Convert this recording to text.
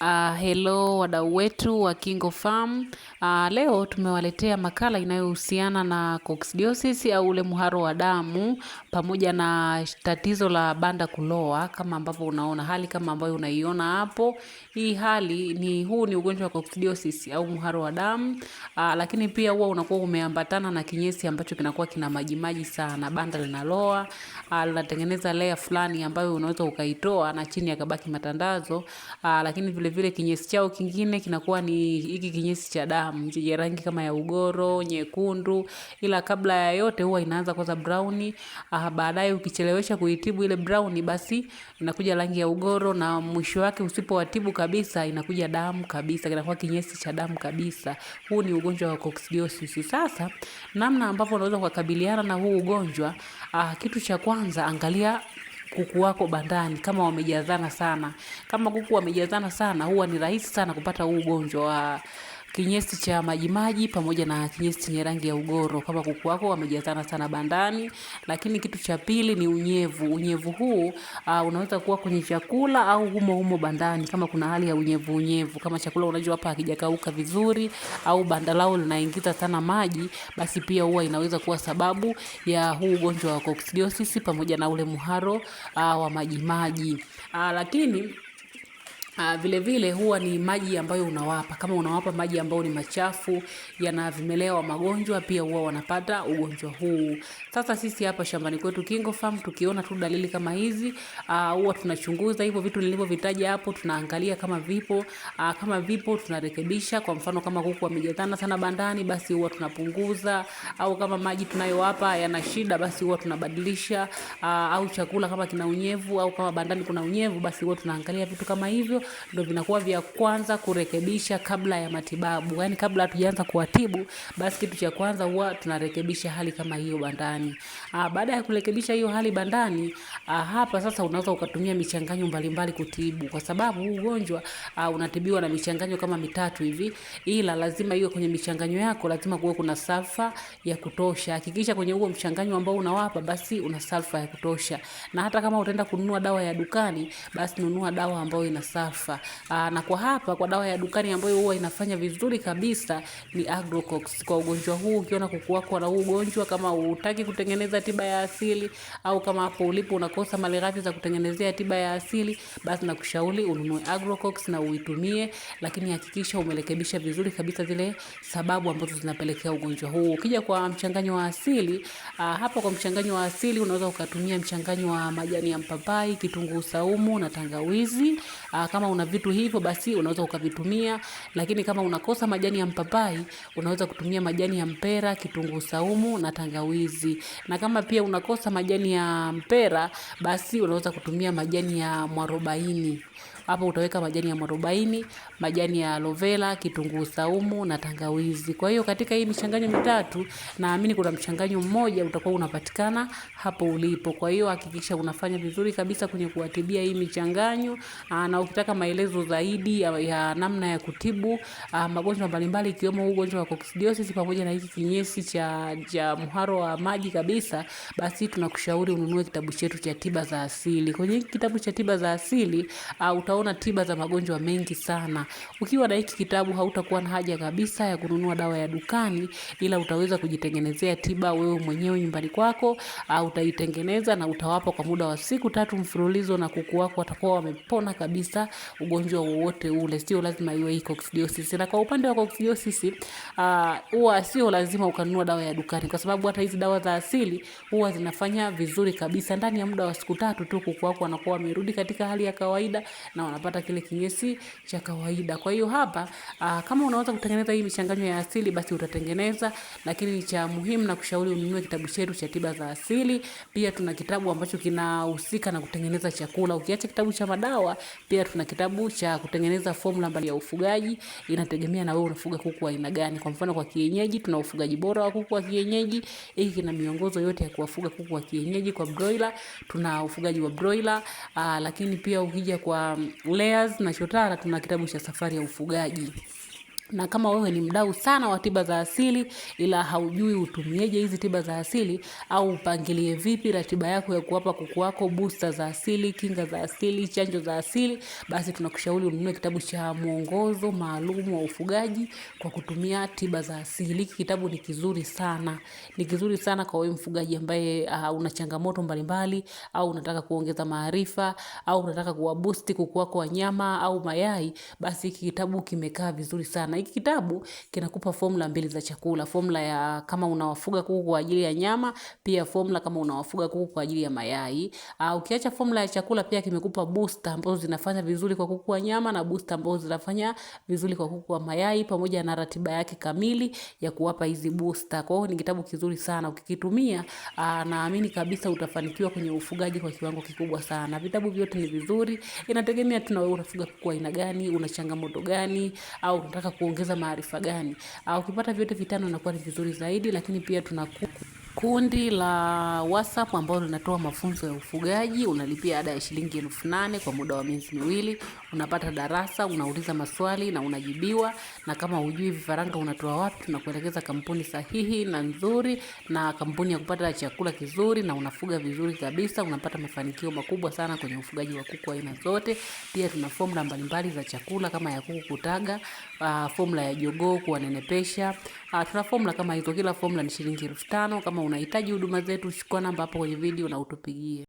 Uh, hello wadau wetu wa Kingo Farm. Uh, leo tumewaletea makala inayohusiana na coccidiosis au ule muharo wa damu pamoja na tatizo la banda kuloa kama ambavyo unaona hali kama ambayo unaiona hapo. Hii hali ni huu ni ugonjwa wa coccidiosis au muharo wa damu. Uh, lakini pia huwa unakuwa umeambatana na kinyesi ambacho kinakuwa kina maji maji sana. Banda linaloa, uh, linatengeneza layer fulani ambayo unaweza ukaitoa na chini yakabaki matandazo. Uh, lakini vile vile kinyesi chao kingine kinakuwa ni hiki kinyesi cha damu chenye rangi kama ya ugoro nyekundu, ila kabla ya yote huwa inaanza kwanza brown. Ah, baadaye ukichelewesha kuitibu ile brown, basi inakuja rangi ya ugoro, na mwisho wake usipowatibu kabisa inakuja damu kabisa, kinakuwa kinyesi cha damu kabisa. Huu ni ugonjwa wa coccidiosis. Sasa namna ambavyo unaweza kukabiliana na huu ugonjwa ah, kitu cha kwanza angalia kuku wako bandani kama wamejazana sana. Kama kuku wamejazana sana, huwa ni rahisi sana kupata huu ugonjwa wa kinyesi cha majimaji pamoja na kinyesi chenye rangi ya ugoro, kwamba kuku wako wamejazana sana bandani. Lakini kitu cha pili ni unyevu. Unyevu huu uh, unaweza kuwa kwenye chakula au humo humo bandani, kama kuna hali ya unyevu unyevu, kama chakula hapa hakijakauka vizuri au banda lao linaingiza sana maji, basi pia huwa inaweza kuwa sababu ya huu ugonjwa wa coccidiosis pamoja na ule muharo uh, wa majimaji uh, lakini Uh, vile vile huwa ni maji ambayo unawapa. Kama unawapa maji ambayo ni machafu yana vimelea wa magonjwa, pia huwa wanapata ugonjwa huu. Sasa sisi hapa shambani kwetu Kingo Farm, tukiona tu dalili kama hizi uh, huwa tunachunguza hivyo vitu nilivyovitaja hapo, tunaangalia kama vipo uh, kama vipo tunarekebisha. Kwa mfano kama kuku wamejazana sana bandani, basi huwa tunapunguza, au kama maji tunayowapa yana shida, basi huwa tunabadilisha uh, au chakula kama kina unyevu au kama bandani kuna unyevu, basi huwa tunaangalia vitu kama hivyo ndo vinakuwa vya kwanza kurekebisha kabla ya matibabu. Yani kabla hatujaanza kuwatibu, basi kitu cha kwanza huwa tunarekebisha hali kama hiyo bandani. Ah, baada ya kurekebisha hiyo hali bandani, ah, hapa sasa unaweza ukatumia michanganyo mbalimbali kutibu, kwa sababu huu ugonjwa ah, unatibiwa na michanganyo kama mitatu hivi, ila lazima iwe kwenye michanganyo yako lazima kuwe kuna salfa ya kutosha. Hakikisha kwenye huo mchanganyo ambao unawapa basi una salfa ya kutosha, na hata kama utaenda kununua dawa ya dukani, basi nunua dawa ambayo ina salfa unafa. Aa, ah, na kwa hapa kwa dawa ya dukani ambayo huwa inafanya vizuri kabisa ni Agrocox. Kwa ugonjwa huu ukiona kuku wako na huu ugonjwa kama hutaki kutengeneza tiba ya asili au kama hapo ulipo unakosa malighafi za kutengenezea tiba ya asili, basi nakushauri ununue Agrocox na uitumie, lakini hakikisha umerekebisha vizuri kabisa zile sababu ambazo zinapelekea ugonjwa huu. Ukija kwa mchanganyo wa asili, aa, ah, hapo kwa mchanganyo wa asili unaweza ukatumia mchanganyo wa majani ya mpapai, kitunguu saumu na tangawizi aa, ah, kama kama una vitu hivyo basi unaweza ukavitumia, lakini kama unakosa majani ya mpapai unaweza kutumia majani ya mpera, kitunguu saumu na tangawizi. Na kama pia unakosa majani ya mpera basi unaweza kutumia majani ya mwarobaini. Hapo utaweka majani ya mwarobaini, majani ya aloe vera, kitunguu saumu na tangawizi. Kwa hiyo katika hii michanganyo mitatu, naamini kuna mchanganyo mmoja utakuwa unapatikana hapo ulipo. Kwa hiyo hakikisha unafanya vizuri kabisa kwenye kuwatibia hii michanganyo. Ah, na ukitaka maelezo zaidi ya ya namna ya kutibu ah, magonjwa mbalimbali ikiwemo ugonjwa wa coccidiosis pamoja na hiki kinyesi cha cha mharo wa maji kabisa, basi tunakushauri ununue kitabu chetu cha tiba za asili. Kwenye kitabu cha tiba za asili uh, utaona tiba za magonjwa mengi sana. Ukiwa na hiki kitabu hautakuwa na haja kabisa ya kununua dawa ya dukani, ila utaweza kujitengenezea tiba wewe mwenyewe nyumbani kwako. Uh, utaitengeneza na utawapa kwa muda wa siku tatu mfululizo, na kuku wako watakuwa wamepona kabisa ugonjwa wowote ule. Sio lazima iwe hii coccidiosis. Na kwa upande wa coccidiosis, ah, huwa uh, sio lazima ukanunua dawa ya dukani, kwa sababu hata hizi dawa za asili huwa zinafanya vizuri kabisa ndani ya muda wa siku tatu tu, kuku wako wanakuwa wamerudi katika hali ya kawaida na na wanapata kile kinyesi cha kawaida. Kwa hiyo hapa aa, ah, kama unaweza kutengeneza hii michanganyo ya asili basi utatengeneza, lakini ni cha muhimu na kushauri ununue kitabu chetu cha tiba za asili. Pia tuna kitabu ambacho kinahusika na kutengeneza chakula. Ukiacha kitabu cha madawa, pia tuna kitabu cha kutengeneza formula mbali ya ufugaji, inategemea na wewe unafuga kuku wa aina gani. Kwa mfano, kwa kienyeji tuna ufugaji bora wa kuku wa kienyeji. Hiki kina miongozo yote ya kuwafuga kuku wa kienyeji. Kwa broiler tuna ufugaji wa broiler, ah, lakini pia ukija kwa layers na chotara tuna kitabu cha safari ya ufugaji na kama wewe ni mdau sana wa tiba za asili ila haujui utumieje hizi tiba za asili au upangilie vipi ratiba yako ya kuwapa kuku wako booster za asili, kinga za asili, chanjo za asili, basi tunakushauri ununue kitabu cha mwongozo maalum wa ufugaji kwa kutumia tiba za asili. Hiki kitabu ni kizuri sana, ni kizuri sana kwa wewe mfugaji ambaye uh, una changamoto mbalimbali au unataka kuongeza maarifa au unataka kuwaboost kuku wako wanyama au mayai, basi hiki kitabu kimekaa vizuri sana. Hiki kitabu kinakupa formula mbili za chakula, formula ya kama unawafuga kuku kwa ajili ya nyama, pia formula kama unawafuga kuku kwa ajili ya mayai. Uh, ukiacha formula ya chakula, pia kimekupa booster ambazo zinafanya vizuri kwa kuku wa nyama na booster ambazo zinafanya vizuri kwa kuku wa mayai, pamoja na ratiba yake kamili ya kuwapa hizi booster. Kwa hiyo ni kitabu kizuri sana ukikitumia, uh, naamini kabisa utafanikiwa kwenye ufugaji kwa kiwango kikubwa sana. Vitabu vyote ni vizuri, inategemea tuna wewe unafuga kuku aina gani, una changamoto gani au unataka ku kuongeza maarifa gani. Ah, ukipata vyote vitano inakuwa ni vizuri zaidi, lakini pia tunaku kundi la WhatsApp ambalo linatoa mafunzo ya ufugaji. Unalipia ada ya shilingi elfu nane kwa muda wa miezi miwili. Unapata darasa, unauliza maswali na unajibiwa, na kama hujui vifaranga unatoa wapi, tunakuelekeza kampuni sahihi na nzuri, na kampuni ya kupata chakula kizuri, na unafuga vizuri kabisa. Unapata mafanikio makubwa sana kwenye ufugaji wa kuku aina zote. Pia tuna formula mbalimbali za chakula kama ya kuku kutaga, uh, ah, formula ya jogoo kuwanenepesha. Uh, ah, tuna formula kama hizo. Kila formula ni shilingi elfu tano kama una unahitaji huduma zetu, chukua namba hapo kwenye video na utupigie.